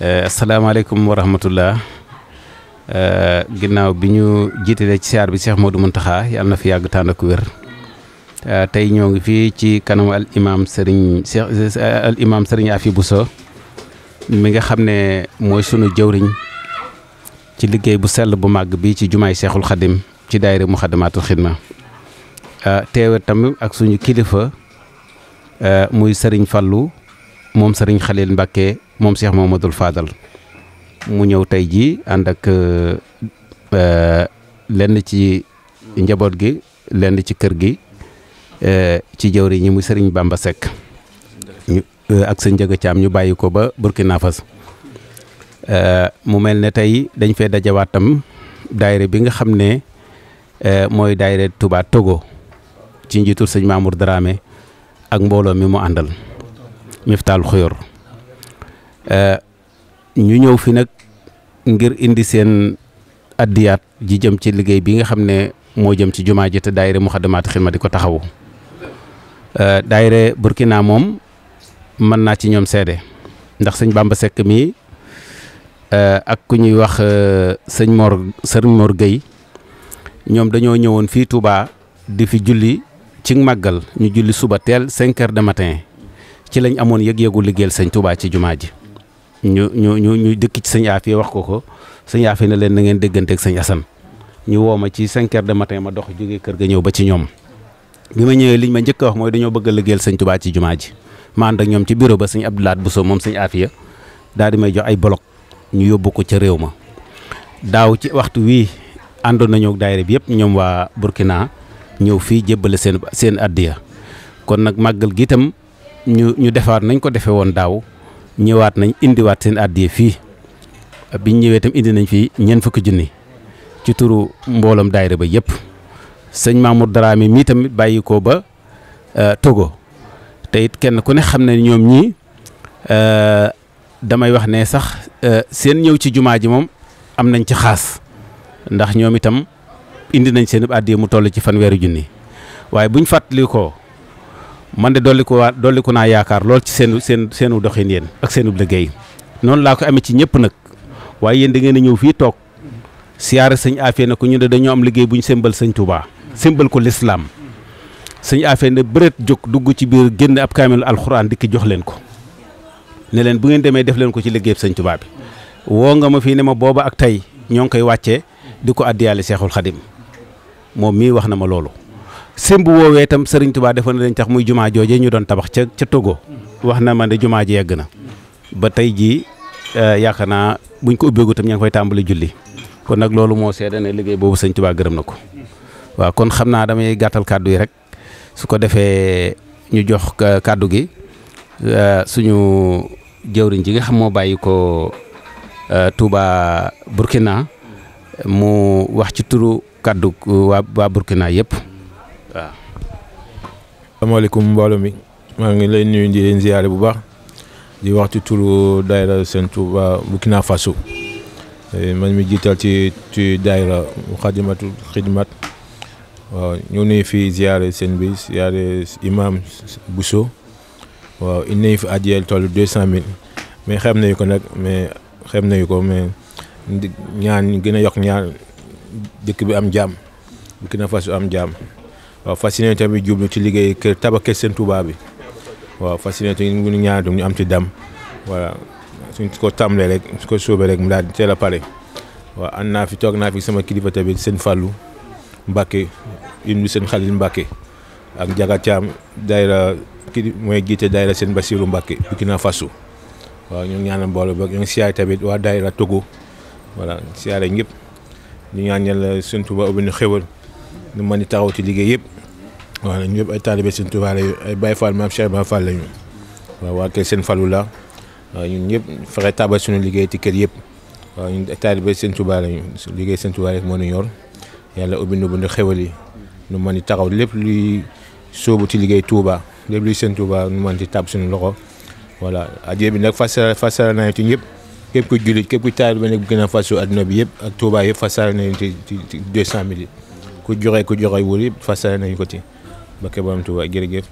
Eh, asalaamaaleykum wa rahmatullah eh, ginnaaw bi ñu jiitalee ci siyaar bi Cheikh Modou Mountakha yàlla na fi yàgg tànn wér eh, tey ñoo ngi fii ci kanamu al imaam Serigne bu so imaam Serigne mi nga xam ne mooy sunu jëwriñ ci liggéey bu sell bu màgg bi ci jumaay seexul Khadim ci daayira Muxaddamaatul Xidma teewe tamit ak suñu kilifa muy sëriñ Fallou moom sëriñ Khalil Mbacké. moom Cheikh dul faadal mu ñëw tey jii ànd ak euh, lenn ci njaboot gi lenn ci kër gi euh, ci yi ñi muy Serigne Bamba Seck euh, ak sa njëga caam ñu bàyyi ko ba Burkina Faso mu mel ni tey dañ fee dajawaat tam daayira bi nga xam ne mooy daayira Touba Togo ci njiitu sëñ Mamour Dramé ak mbooloo mi mu àndal Miftaal Xuyor Euh, ñu ñëw fi nag ngir indi seen addiyaat ji jëm ci liggéey bi nga xam ne moo jëm ci jumaa ji te daayira Muxaddamaatul Xidma di ko taxawu euh, daayira Burkina moom mën naa ci ñoom seede ndax sëñ Bamba Seck mii euh, ak ku ñuy wax sëñ Mor sëñ Mor Gueye ñoom dañoo ñëwoon fii Touba di fi julli ci màggal ñu julli suba teel 5 de matin ci lañ amoon yëg-yëgu liggéeyal sëñ Touba ci jumaa ji ñu ñu ñu ñu dëkk ci sëñ Afia wax ko ko sëñ Afia ne leen na ngeen déggante ak sëñ Assane ñu woo ma ci 5 heures de matin ma dox jóge kër ga ñëw ba ci ñoom bi ma ñëwee liñ ma njëkk a wax mooy dañoo bëgg a liggéeyal sëñ Touba ci jumaa ji ma ànd ak ñoom ci bureau ba sëñ bu Bousso moom sañ Afia daal di may jox ay bloc ñu yóbbu ko ca réew ma daaw ci waxtu wii àndoon nañu ak daayira bi yëpp ñoom waa Burkina ñëw fii jébbale seen seen addiya kon nag màggal gi itam ñu ñu defaat nañ ko defee woon daaw ñëwaat nañ indiwaat seen addiye fii biñ ñëwee itam indi nañ fii ñeen fukki junni ci turu mbooloom daayira ba yëpp sëñ Mamour Dramé mii tamit bàyyi ko ba euh, Togo te it kenn ku ne xam ne ñoom ñii euh, damay wax ne sax euh, seen ñëw ci jumaa ji moom am nañ ci xaas ndax ñoom itam indi nañ seen addiye mu toll ci fanweeri junni waaye buñ fàttali man de dolli ko waa dolli ko naa yaakaar lool ci seen seen seenu doxin yéen ak seenu liggéey noonu laa ko amee ci ñëpp nag waaye yéen da ngeen a ñëw fii toog siyaare sëñ Afia ne ko ñu ne dañoo am liggéey bu ñu sembal sëñ Touba sembal ko lislaam sëñ Afia ne bëreet jóg dugg ci biir génn ab kaamelu alxuraan di ki jox leen ko ne leen bu ngeen demee def leen ko ci liggéey sëñ tubaa bi woo nga ma fii ne ma booba ak tey ñoo ngi koy wàccee di ko addiyaale Seexul Xadim moom mii wax na ma loolu sëmb woowee tam sëriñ Touba defoon na leen tax muy jumaa jooje ñu doon tabax ca ca Togo wax na man ne jumaa ji yegg na ba tey jii euh, yaakaar naa buñ ko ubbeegu tam ña ngi koy tàmbali julli kon nag loolu moo seede ne liggéey boobu Serigne Touba gërëm na ko waaw kon xam naa damay gàttal kàddu yi rek su ko defee ñu jox kàddu gi euh, suñu jëwriñ ji nga xam moo bàyyi ko euh, Touba Burkina mu wax ci turu kàddu waa waa Burkina yëpp. waaw. asalaamaaleykum mbooloo mi maa ngi lay nuyu di leen ziyaare bu baax di wax ci turu daayira Sëñ Tuuba Burkina Faso eh, man mi jiital ci ci daayira Muxaddamatul Xidmat waaw ñu nuyu fii ziyaare seen bi ziyaare imam Bousso waaw indi nañu fi adiyel toll deux cent mille mais xem nañu ko nag mais xem nañu ko mais ñaan gën a yokk ñaan dëkk bi am jàmm Burkina Faso am jàmm. waaw fas yéene tamit jublu ci liggéey kër tabax seen Touba bi waaw fas yéene tamit ñu ñaan ñu am ci dam voilà suñ ko tàmbalee rek su ko sóobee rek mu daal di a pare waaw ànd naa fi toog naa fi sama kilifa tamit seen Fallou Mbacke indi seen Khalil Mbacke ak Ndiaga Thiam daayira kii mooy jiite daayira seen Bassirou Mbacke Burkina Faso waaw ñu ñaanal mbooloo ba ñu ngi siyaay tamit waa daayira Togo voilà siyaare ñëpp ñu ñaan yàlla seen Touba ubbi ñu xéwal ñu man di taxaw ti liggéey yëpp wax nañ ñëpp ay taalibe Sëñ Tuubaa la ay Baye Fall maam Cheikh Ibrahima Fall lañu waaw waa kër Sëñ Fallu la waaw ñëpp fexe tabal suñu liggéey ti kër yëpp waaw ñun ay taalibe Sëñ Tuubaa lañu liggéey Sëñ Tuubaa rek moo ñu yor yàlla ubbi nu bu ñu xewal yi nu mën di taxaw lépp luy sóobu ci liggéey Touba lépp luy Sëñ Tuubaa ñu mën suñu loxo voilà adiya bi nag fasara fasara nañu ci ñëpp képp ku jullit képp ku taalibe nag gën a fasu adduna bi yëpp ak Touba yëpp fasara nañu ci ci deux cent mille ku joxe ku joxe wul yëpp fasale nañu ko ci Mbakke Borom Tuuba jërëjëf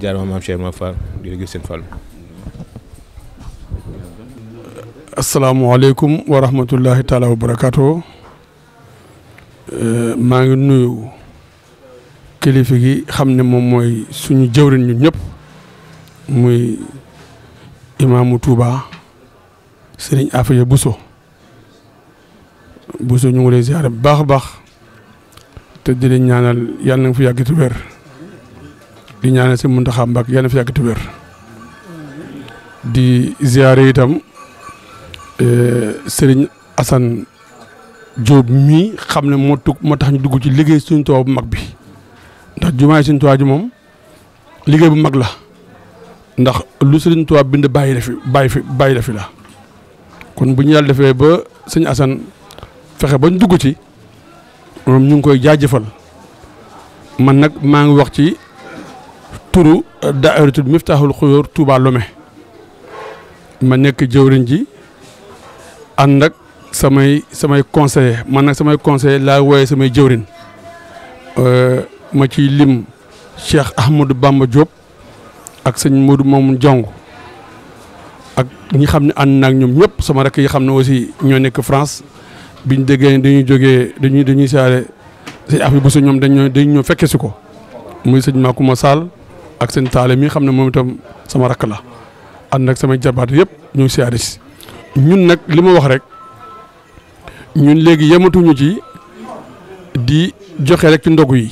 jaar maam Cheikh Ma Fall jërëjëf seen Fall. asalaamaaleykum wa rahmatullahi taala wa barakaatu eh, maa ngi nuyu kilifa gi xam ne moom mooy suñu jëwriñ ñun ñëpp muy imaamu Touba Serigne Afia Bousso Bousso ñu ngi lay ziare bu baax a baax. te di leen ñaanal yàlla na nga fi yàgg te di ñaanal si Muntaxa Mbàkke yàlla na fi yàgg te wér di ziare itam eh, Serigne Assane Diop mii xam ne moo tax ñu dugg ci liggéey suñu Tuubaa bu mag bi ndax jumaay suñu Tuubaa ji moom liggéey bu mag la ndax lu Sëriñ Tuubaa bind bàyyi la fi bàyyi la fi la kon bu ñu yàlla defee ba sëñ Assane fexe ba ñu dugg ci. moom ñu ngi koy jaajëfal man nag maa ngi wax ci turu euh, daayiratul Miftaaxul Xuyóor Touba Lomé ma nekk jëwriñ ji ànd nag samay samay conseiller man nag samay conseiller laa wooyee samay jëwriñ euh, ma ci lim Cheikh Ahmadou Bamba Diop ak sëñ Modou Mamoun Jong ak ñi xam ne ànd naag ñoom ñëpp sama rekk yi xam ne aussi ñoo nekk France biñ ñu dañuy jógee dañuy dañuy siyaare sëñ Afia Bousso ñoom dañ dañ ñoo fekke si ko muy sëñ Makouma Sall ak seen taale mi xam ne moom itam sama rakk la ànd ak samay jarbaat yëpp ñëw siyaare ñun nag li ma wax rek ñun léegi yematuñu ci di joxe rek ci ndogu yi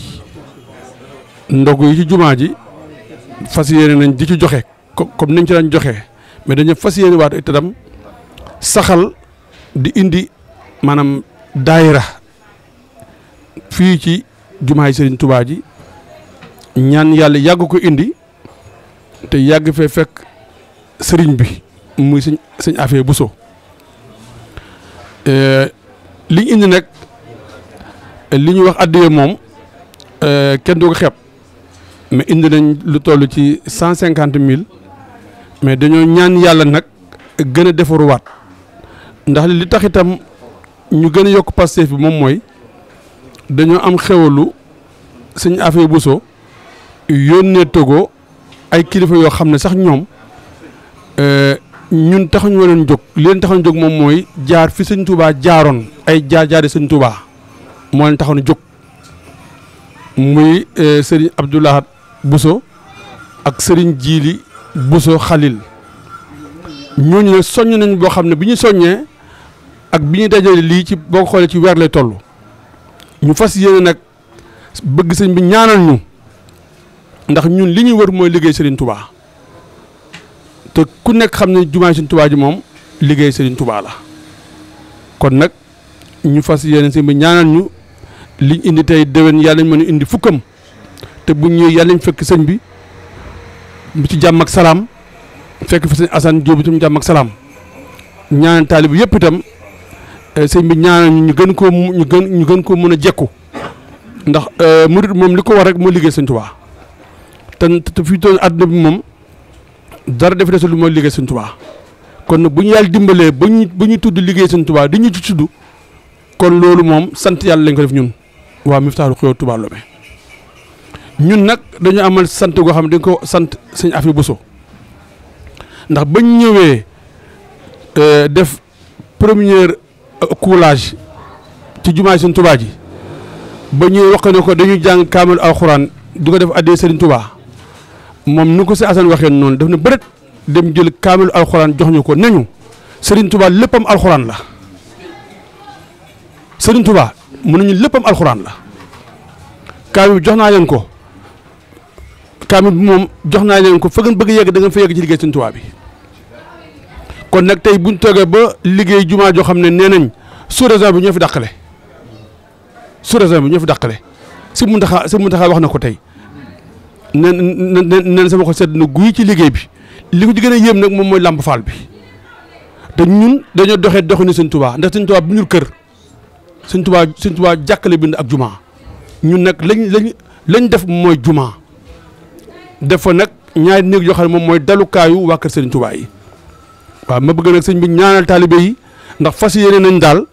ndogu yi ci jumaa ji fas yéene nañ di ci joxe comme nañ ci daan joxe mais dañu fas yéene waat itam saxal di indi. maanaam daayira fii ci jumaay Serigne Touba ji ñaan yàlla yàgg ko indi te yàgg fee fekk sëriñ bi muy sëñ sëñ affaire Bousso euh, liñ indi nag li ñu wax addiye moom euh, kenn du ko xeeb mais indi nañ lu toll ci cent cinquante mille mais dañoo ñaan yàlla nag gën a defaruwaat ndax li tax ñu gën a yokk Pastef bi moom mooy dañoo am xewalu sëñ Afia buso yónnee Togo ay kilifa yoo xam ne sax ñoom euh, ñun taxuñu ma leen jóg li leen taxoon jóg moom mooy jaar fi sëñ Touba jaaroon ay jaar jaari sëñ Touba moo leen taxoon jóg muy euh, sëriñ Abdoulahat Bousso ak sëriñ Jiili Bousso Khalil ñooñu nag soññ nañ boo xam ne bi ñu soññee. ak bi ñuy dajale lii ci boo ko xoolee ci weer lay toll ñu fas yéene nag bëgg sëñ bi ñaanal ñu ndax ñun li ñuy wër mooy liggéey Serigne Touba te ku nekk xam ne jumaay Serigne Touba ji moom liggéey Serigne tubaa la kon nag ñu fas yéene sëñ bi ñaanal ñu liñ indi tey dewen yàlla ñu mën a indi fukkam te bu ñëwee yàlla ñu fekk sëñ bi mu ci jàmm ak salaam fekk fi sëñ Assane Diop itam jàmm ak salaam ñaanal taalib yëpp itam. Euh, sëñ bi ñaanal ñu gën koo ñu gën ñu gën koo mën a jekku ndax euh, murid moom li ko war rek moo liggéey sëñ Tuubaa te te fii toon àdduna bi moom dara def desul mooy liggéey sëñ Tuubaa kon nag bu ñu yàlla dimbalee ba ñu ba tudd liggéey sëñ Tuubaa di ñu ci tudd kon loolu moom sant yàlla lañ ko def ñun waa Miftahul Xuyóot Touba Lomé ñun nag dañu amal sant goo xam ne dañ ko sant sëñ Afi Bousso ndax bañ ñëwee euh, def première Euh, coulage ci jumaay Sëriñ tubaa ji ba ñuy wax ne ko dañuy jàng kaamil alxuraan du ko def addee Sëriñ tubaa moom nu ko si Assane waxee noonu daf ne bërët dem jël kaamil alxuraan jox ñu ko nañu Sëriñ Tuubaa léppam alxuraan la Sëriñ Tuubaa mën nañu léppam alxuraan la kaamil jox naa leen ko kaamil bi moom jox naa leen ko fa ngeen bëgg yegg da ngeen fa yegg ci liggéey Sëriñ Tuubaa bi kon nag tey buñ toogee ba liggéey jumaa joo xam ne nee nañ sous-région bi ñoo fi dàqale sous bi ñoo fi dàqale si mun taxaa si mun taxaa wax na ko tey nen nen sama ko sedd na guy ci liggéey bi li ko ci gën nag moom mooy làmp faal bi te ñun dañoo doxee doxinu Sëñ Tuubaa ndax Sëñ Tuubaa bi ñul kër Sëñ Tuubaa Sëñ jàkkale bind ak jumaa ñun nag lañ lañ lañ def mooy jumaa def fa nag ñaari néeg yoo xam moom mooy dalukaayu waa kër Sëriñ Tuubaa yi waaw ma bëgg nag sëñ bi ñaanal taalibe yi ndax fas yéene nañ daal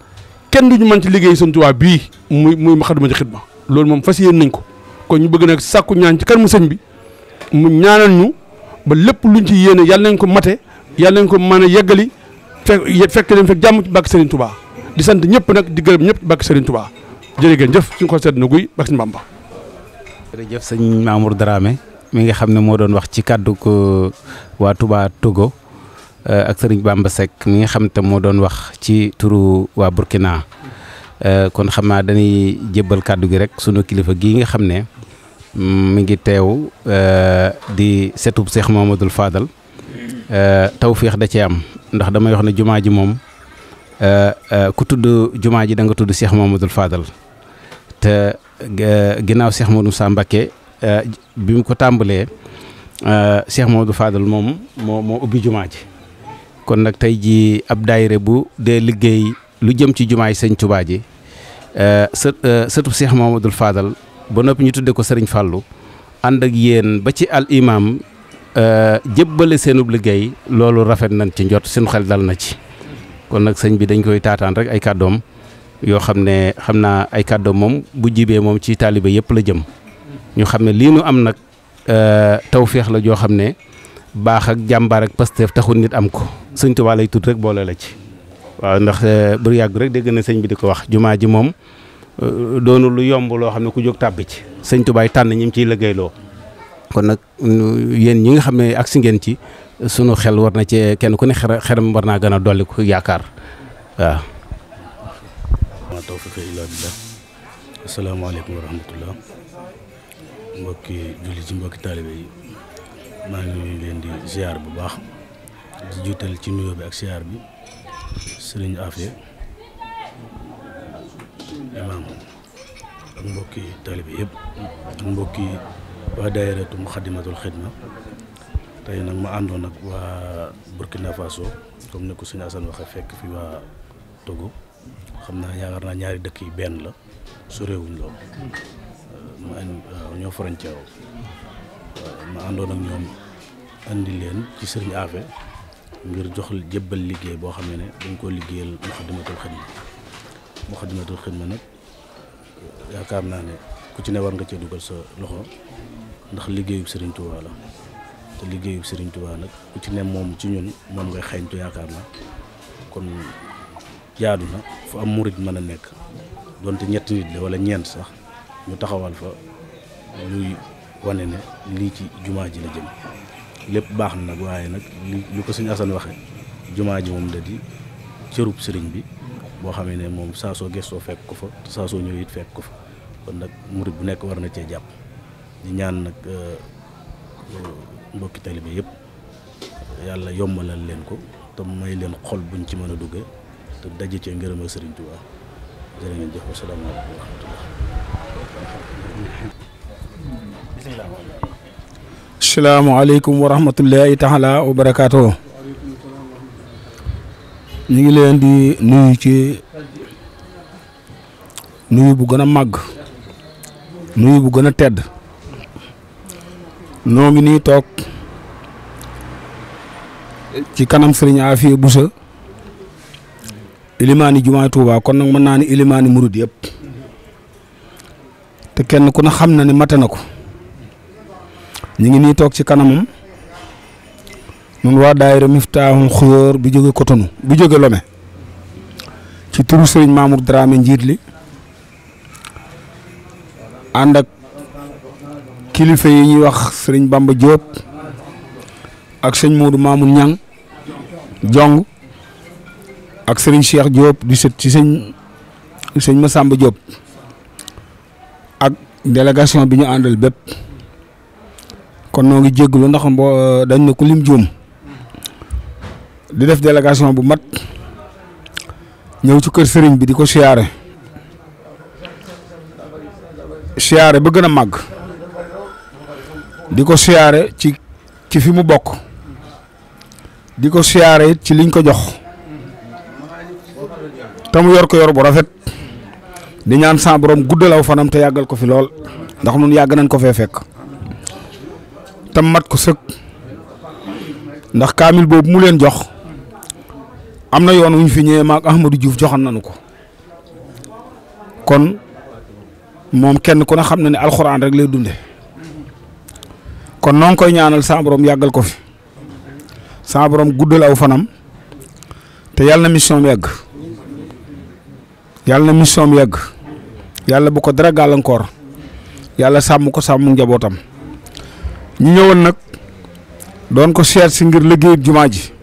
kenn du ñu mën ci liggéey sëñ Tuubaa bii muy muy Moukhaddamatoul ma loolu moom fas yéene nañ ko kon ñu bëgg nag sàkku ñaan ci mu sëñ bi mu ñaanal ñu ba lépp lu luñ ci yéene yàlla nañ ko mate yàlla nañ ko mën a yeggali fekk fekk leen fekk jàmm ci bàkk tubaa di sant ñëpp nag di gërëm ñëpp ci bàkk Serigne Touba jërëgéen jëf suñu ko sedd na guy bàkk Serigne Bamba jërëjëf sëñ Mamour Dramé mi nga xam ne moo doon wax ci kàddu ko waa Touba Togo Euh, ak sëriñ Bamba Seck mi nga xam tam moo doon wax ci turu waa Burkina euh, kon xam naa dañuy jëbbal kàddu gi rek sunu kilifa gii nga xam ne mi ngi teew euh, di setub Seex Mamadul Fadal tawféex da cee am ndax damay wax ne jumaa ji moom ku tudd jumaa ji da nga tudd Seex Mamadul Fadal te ginnaaw Seex Mamadou Moussa Mbacké bi mu ko tàmbalee Seex Mamadul Fadal moom moo moo ubbi jumaa ji kon nag tey jii ab daayira bu dee liggéey lu jëm ci jumaay sëñ Tuubaa ji eh, sët eh, sëtub Seex dul Faadal ba noppi ñu tudde ko sëriñ Fàllu ànd ak yéen ba ci al imaam eh, jébbale seenub liggéey loolu rafet nañ ci njot suñu xel dal na ci kon nag sëñ bi dañ koy taataan rek ay kàddoom yoo xam ne xam naa ay kàddoom moom bu jibee moom ci taalibe yëpp la jëm ñu xam ne lii nu am nag tawféex la joo xam ne baax ak jàmbaar ak Pastef taxul nit am ko sëñ Tuubaa lay tudd rek boole la ci waaw ndax eh, bu yàgg rek dégg na sëñ bi di ko wax jumaa ji moom eh, doonu lu yomb loo xam ne ku jóg tàbbi ci sëñ Tuubaa tànn ñi mu ciy liggéeyloo kon nag yéen ñi nga xam ne agsi ngeen ci sunu xel war na cee kenn ku ne xeram war naa gën a dolli ko yaakaar waaw. ma tawfiq illa billah asalaamaaleykum wa rahmatullah maa ngi leen di ziar bu baax. di jiital ci nuyoo bi ak siyaar bi sëriñ Afia imaam ak mbokki taalibe yëpp ak mbokki waa daayiratu Muxaddamatul Xidma tey nag ma àndoon ak waa Burkina Faso comme ni ko sëñ Assane waxe fekk fi waa Togo xam naa yaakaar naa ñaari dëkk yi benn la sorewuñ lool ma ñoo frontière ma àndoon ak ñoom andi leen ci sëriñ Afia ngir jox jébbal liggéey boo xam ne ne dañ koo liggéeyal Muxaddamatul Xidma Muxaddamatul Xidma nag yaakaar naa ne ku ci ne war nga cee dugal sa loxo ndax liggéeyu Serigne Touba la te liggéeyu Serigne nag ku ci ne moom ci ñun moom ngay xeeñtu yaakaar na kon jaadu na fu am murit mën a nekk donte ñetti nit la wala ñeent sax ñu taxawal fa luy wane ne lii ci jumaa ji la jëm lépp baax na nag waaye nag lu ko suñu asan waxee jumaa ji moom da di cërub sëriñ bi boo xamee ne moom saa soo gëstoo fekk ko fa te saa soo ñëw it fekk ko fa kon nag murit bu nekk war na cee jàpp di ñaan nag euh, euh, mbokki taalibe yëpp yàlla yombalal leen ko te may leen xol buñ ci mën a duggee te daje cee ngërëm ak sëriñ Tuubaa jërë ngeen jëf wasalaamaaleykum wa rahmatullah asalaamaaleykum wa rahmatullahi taala wa barakaatu ñu ngi leen di nuyu ci nuyu bu gën a màgg nuyu bu gën a tedd noo ngi nii toog ci kanam sëriñ Afia Boussa ilimaani jumaay Tuubaa kon nag mën naa ni ilimaani murid yëpp te kenn ku ne xam na ne mate na ko ñu ngi nii toog ci kanamam ñun waa daayira Miftahul Xuyóor bi jóge Cotonou bi jóge Lomé ci turu Serigne Mamour Dramé njiit li ànd ak kilifa yi ñuy wax sëriñ Bamba Diop ak sëñ Modou Mamoun Niang jong ak sëriñ Cheikh Diop di sët ci sëñ sëñ Massamba Diop ak délégation bi ñu àndal bépp kon noo ngi jégalu ndax mbo euh, dañ na ku lim juum di def délégation bu mat ñëw ci kër sëriñ bi di ko siyaare siyaare ba gën a màgg di ko siyaare ci ci fi mu bokk di ko siyaare ci liñ ko jox te mu yor ko yor bu rafet di ñaan sa borom guddalaw fanam te yàggal ko fi lool ndax mun yàgg nañ ko fee fekk tam mat ko sëkk ndax kaamil boobu mu leen jox am na yoon wu ñu fi ñëwee maag Ahmadou Diouf joxoon nañu ko kon moom kenn ku ne xam na ne alxuraan rek lay dunde kon noo ngi koy ñaanal sa yàggal ko fi sa borom guddal aw fanam te yàlla mission am yàgg yàlla na mission am yàlla bu ko dara gàllankoor yàlla sàmm ko sàmm njabootam. ñu ñëwoon nag doon ko seet si ngir liggéey jumaa ji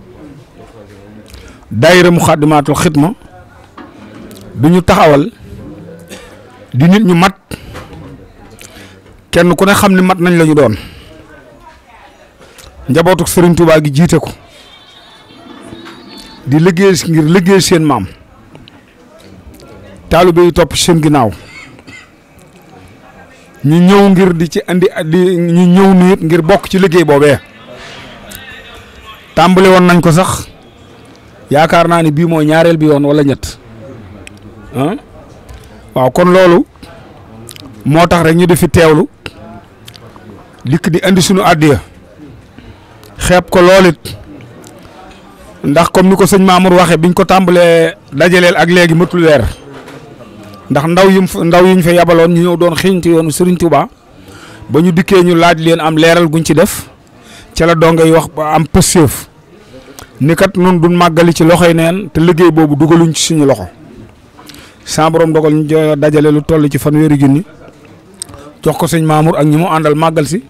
daayira Muxaddamaatul Xidma du ñu taxawal di nit ñu mat kenn ku ne xam ne mat nañ lañu ñu doon njabootu Sëriñ Tuubaa gi jiite ko di liggéey ngir liggéey seen maam taalibe yi topp seen ginnaaw ñu ñëw ngir di ci andi di ñu ñëw nit ngir bokk ci liggéey boobee tàmbali woon nañ ko sax yaakaar naa ni bii mooy ñaareel bi yoon wala ñett ah waaw kon loolu moo tax rek ñu di fi teewlu dikk di andi suñu ya xeeb ko lool ndax comme ni ko sëñ Mamour waxee biñ ko tàmbalee dajaleel ak léegi matul weer ndax ndaw yu ndaw yi fa yabaloon ñu ñëw doon xëynti yoonu Serigne Touba ba ñu dikkee ñu laaj leen am leeral guñ ci def ca la dong ngay wax ba am pësseef ni kat nun duñ màggali ci loxoy neen te liggéey boobu dugaluñ ci suñu loxo saa borom dogal ñu dajale lu toll ci fan fanweeri junni jox ko sëñ Mamour ak ñi mu àndal màggal si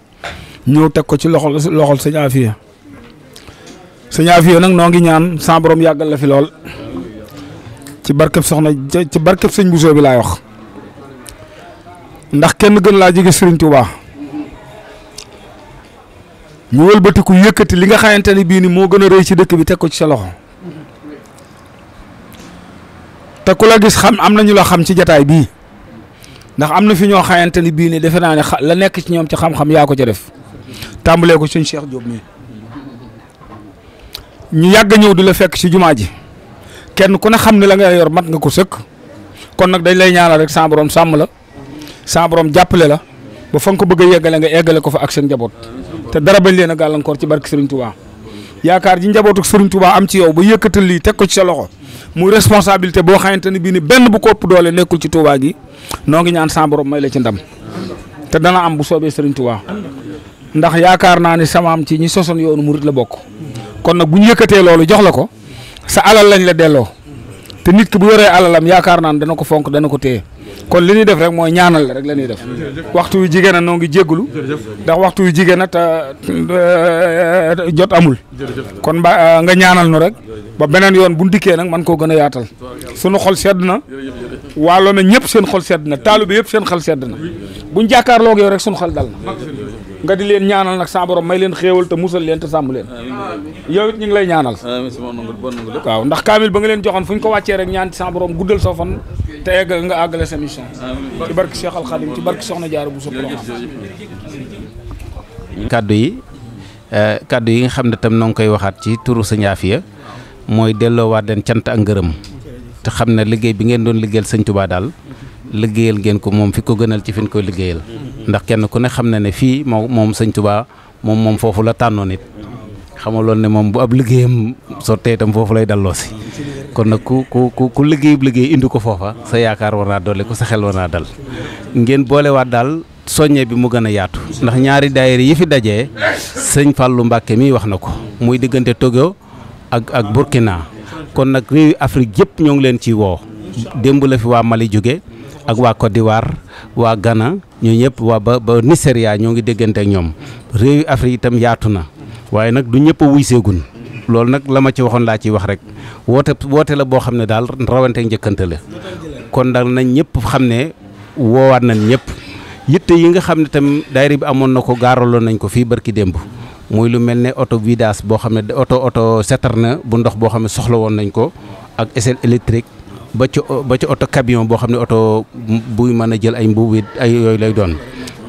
ñëw teg ko ci loxol loxol sëñ Afia sëñ nag noo ngi ñaan saa yàggal la fi lool. ci barkeb soxna ci barkeb sëñ Bousso bi laay wax ndax kenn gën laa jege Serigne Touba ñu wëlbatiku yëkkati li nga xamante ne bii ni moo gën a rëy ci dëkk bi teg ko ci sa loxo te ko la gis xam am na ñu la xam ci jataay bii ndax am na fi ñoo xamante ni bii ni defe naa ne la nekk ci ñoom ci xam-xam yaa ko ca def tàmbalee ko sëñ Cheikh Diop mi ñu yàgg ñëw di la fekk ci jumaa ji. kenn ku ne xam ne la nga yor mat nga ko sëkk kon nag dañ lay ñaanal rek sa sàmm la sa jàppale la ba fa nga ko bëgg a yeggale nga eggale ko fa ak seen njaboot te dara bañ leen a gàllankoor ci barke Serigne Touba yaakaar ji njabootu Serigne Touba am ci yow ba yëkkatal lii teg ko ci sa loxo muy responsabilité boo xamante ne bii ni benn bu ko ëpp doole nekkul ci Touba gi noo ngi ñaan sa borom may la ci ndam te dana am bu soobee Serigne Touba ndax yaakaar naa ne sama am ci ñi sosoon yoonu murit la bokk kon nag bu ñu loolu jox la ko. sa alal lañ la delloo te nit ki bu yoree am yaakaar naan dana ko fonk dana ko téye kon li ñuy def rek mooy ñaanal la rek la def waxtu yu jigéen a noo ngi jégglu ndax waxtu yu jigéen a jot amul kon mba euh, nga ñaanal nu rek ba beneen yoon bu ndikkee nag man koo gën a yaatal sunu xol sedd na waalo me ñëpp seen xol sedd na taalu bi yëpp seen xol sedd na buñ jàkkaarloo ak yow rek sunu xal dal na nga di leen ñaanal nag sa borom may leen xéewal te musal leen te sàmm leen yow it ñu ngi lay ñaanal waaw ndax kaamil ba nga leen joxoon fu ñu ko wàccee rek ñaan sa borom guddal soo fan te egg nga àggale sa mission ci barke Cheikh Al ci barke Soxna Jaara bu soppro kaddu yi eh, kàddu yi nga xam ne tam noo ngi koy waxaat ci turu Sëñ Afiya mooy delloowaat den cant ak ngërëm te xam ne liggéey bi ngeen doon liggéeyal Sëñ Tuubaa daal liggéeyal ngeen ko moom fi ko gënal ci fin ko liggéeyal ndax kenn ku ne xam na ne fii moom moom sëñ Tuubaa moom moom foofu la tànnoon it xamaloon ne moom bu ab liggéeyam sottee itam foofu lay dalloo si kon nag ku ku ku ku liggéeyub liggéey indi ko foofa sa yaakaar war naa doole ko sa xel war naa dal ngeen boolewaat daal soññe bi mu gën a yaatu ndax ñaari daayira yi fi dajee sëñ Fallou Mbacke mi wax na ko muy diggante Togo ak ak Burkina kon nag réewi Afrique yëpp ñoo ngi leen ciy woo démb la fi waa Mali jóge ak waa Côte d'Ivoire waa Ghana ñoo ñëpp waa ba ba Nigeria ñoo ngi déggante ak ñoom réewi Afrique itam yaatu na waaye nag du ñëpp a wuy seegun loolu nag la ma ci waxoon laa ciy wax rek woote woote la boo xam ne daal rawante njëkkante la kon daal nañ ñëpp xam ne woowaat nañ ñëpp yitte yi nga xam ne tam daayira bi amoon na ko gaaraloon nañ ko fii barki démb muy lu mel ne oto vidange boo xam ne oto oto setar na bu ndox boo xam ne soxla woon nañ ko ak échelle électrique ba ci ba ci oto camion boo xam ne oto buy mën a jël ay mbuub ay yooyu lay doon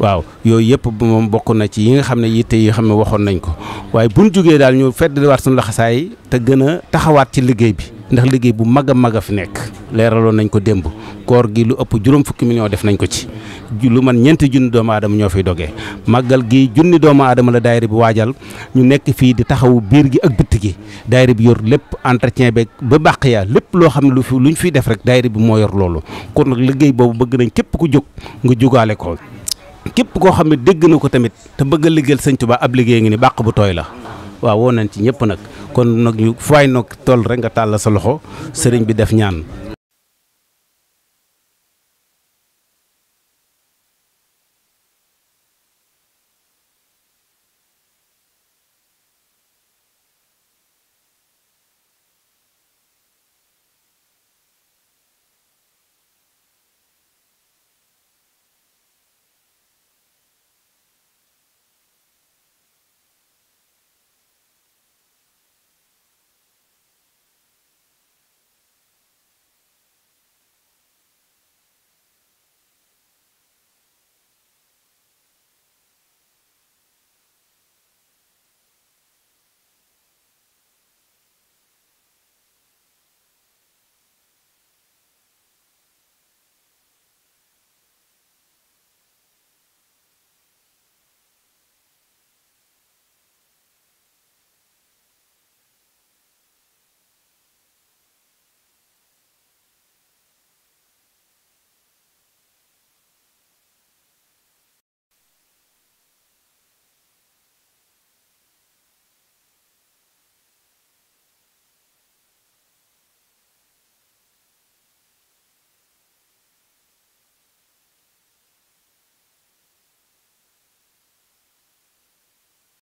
waaw yooyu yëpp moom bokk na ci yi nga xam ne yitte yi xam ne waxoon nañ ko waaye buñ jógee daal ñu feddaliwaat suñu laxasaay te gën a taxawaat ci liggéey bi ndax liggéey bu mag a mag a fi nekk leeraloon nañ ko démb koor gi lu ëpp juróom fukki million def nañ ko ci lu man ñeenti junni doomu aadama ñoo fiy dogee màggal gi junni doomu aadama la daayira bi waajal ñu nekk fii di taxawu biir gi ak bitti gi daayira bi yor lépp entretien beeg ba bàq ya lépp loo xam ne lu fi lu ñu fiy def rek daayira bi moo yor loolu kon nag liggéey boobu bëgg nañ képp ku jóg nga jugaale ko képp koo xam ne dégg na ko tamit te bëgg a liggéeyal Sëñ ab liggéey ngi ni bàq bu tooy la waaw woo nañ ci ñëpp nag kon nag ñu fay nag toll rek nga tàll sa loxo sëriñ bi def ñaan